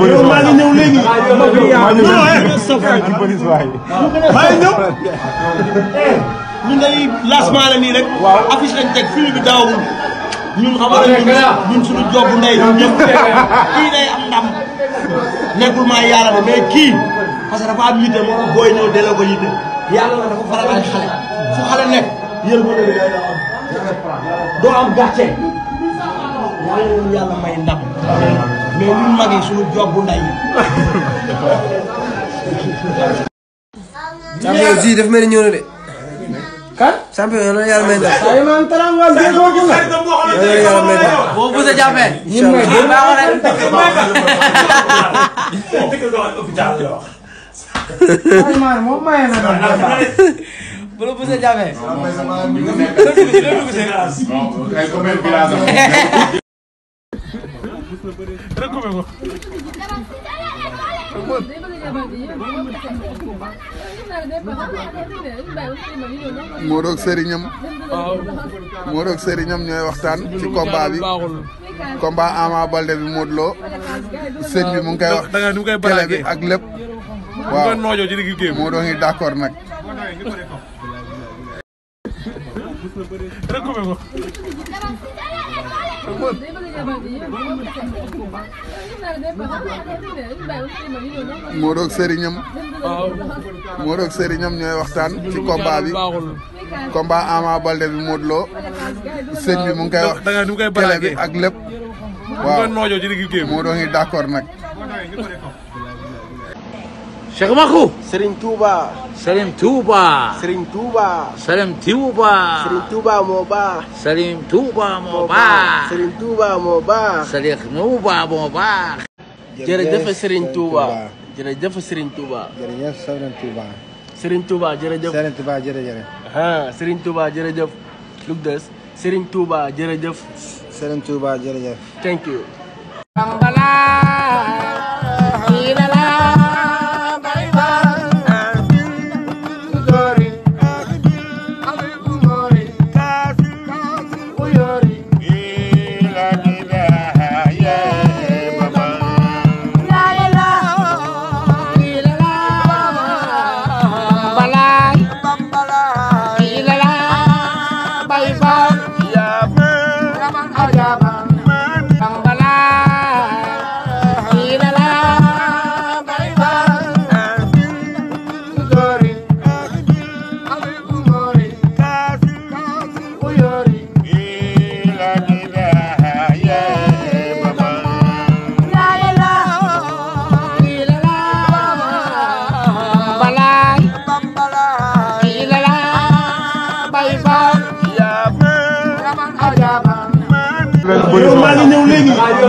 bëri waay maa ngi ñëw léegi. maa ngi ñëw ñun dañuy parce que dafa am xale fu xale nekk doo am gàcce mais ñun mag yi suñu job bu nday champion ji daf mel ni ñëw na de. kan. champion yal na yàlla may ndam. ay man tarangal dégg nga ko. yal na yàlla may ndam. boo bu sa jàppee. ñun may gën maa war a. ay man moom maye na bu la bu sa jàppee. recoupé ko. moo doog sëriñam. waaw. sëriñam ñooy waxtaan ci combat bi. combat Ama Baldé bi Modou sëñ bi mu ngi koy wax. télé bi ak lépp. waaw moo doon d'accord recoupé ko. sëriñam. waaw. moo ñooy waxtaan. ci combat bi combat Ama Baldé bi Modou Lo. sëñ bi mu wax. da nga télé ak lépp. waaw moo doon ngi Cheikh Makhou. Serigne Touba. Serigne Touba. Serigne Touba. Serigne Touba. Serigne Touba moo baax. Serigne Touba moo baax. Serigne Touba moo baax. Serigne Touba moo baax. jërëjëf Serigne Touba jërëjëf Serigne Touba. jërëjëf Serigne Touba. Serigne Touba jërëjëf. Serigne Touba jërëjëf. ah Serigne Touba jërëjëf. lu des Serigne Touba jërëjëf. Serigne Touba jërëjëf. thank you.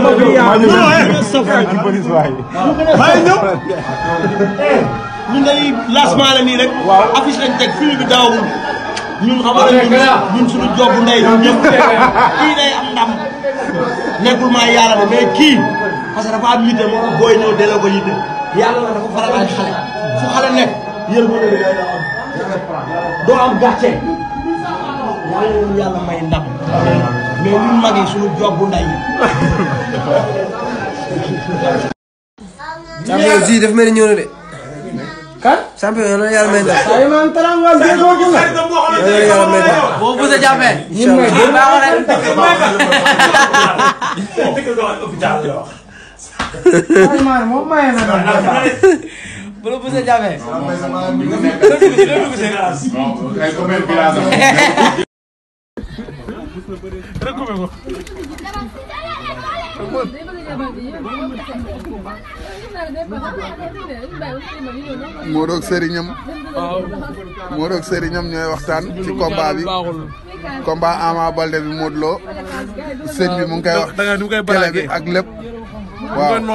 Eh. Eh, ñun day lancement la nii rek. waaw affiche lañ teg fii bi daawul. ñun xam nga ñun suñu job ndey ñëpp kii nekkul maa yàlla ba mais kii parce que dafa am yitte moo booy ñëw delloo ko yitte yàlla la dafa faral ay xale fu xale nekk doo am gàcce yàlla yàlla may ndam. mais ñun mag yi suñu jobbu nday champion si dafa mel ni ñëw na de. kan. recoupé ko. moo doog sëriñam. waaw. moo doog ñooy waxtaan. ci combat bi combat Ama Baldé bi Modou sëñ bi mu ngi wax. da nga ak lépp. waaw mu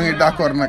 ngi noojoo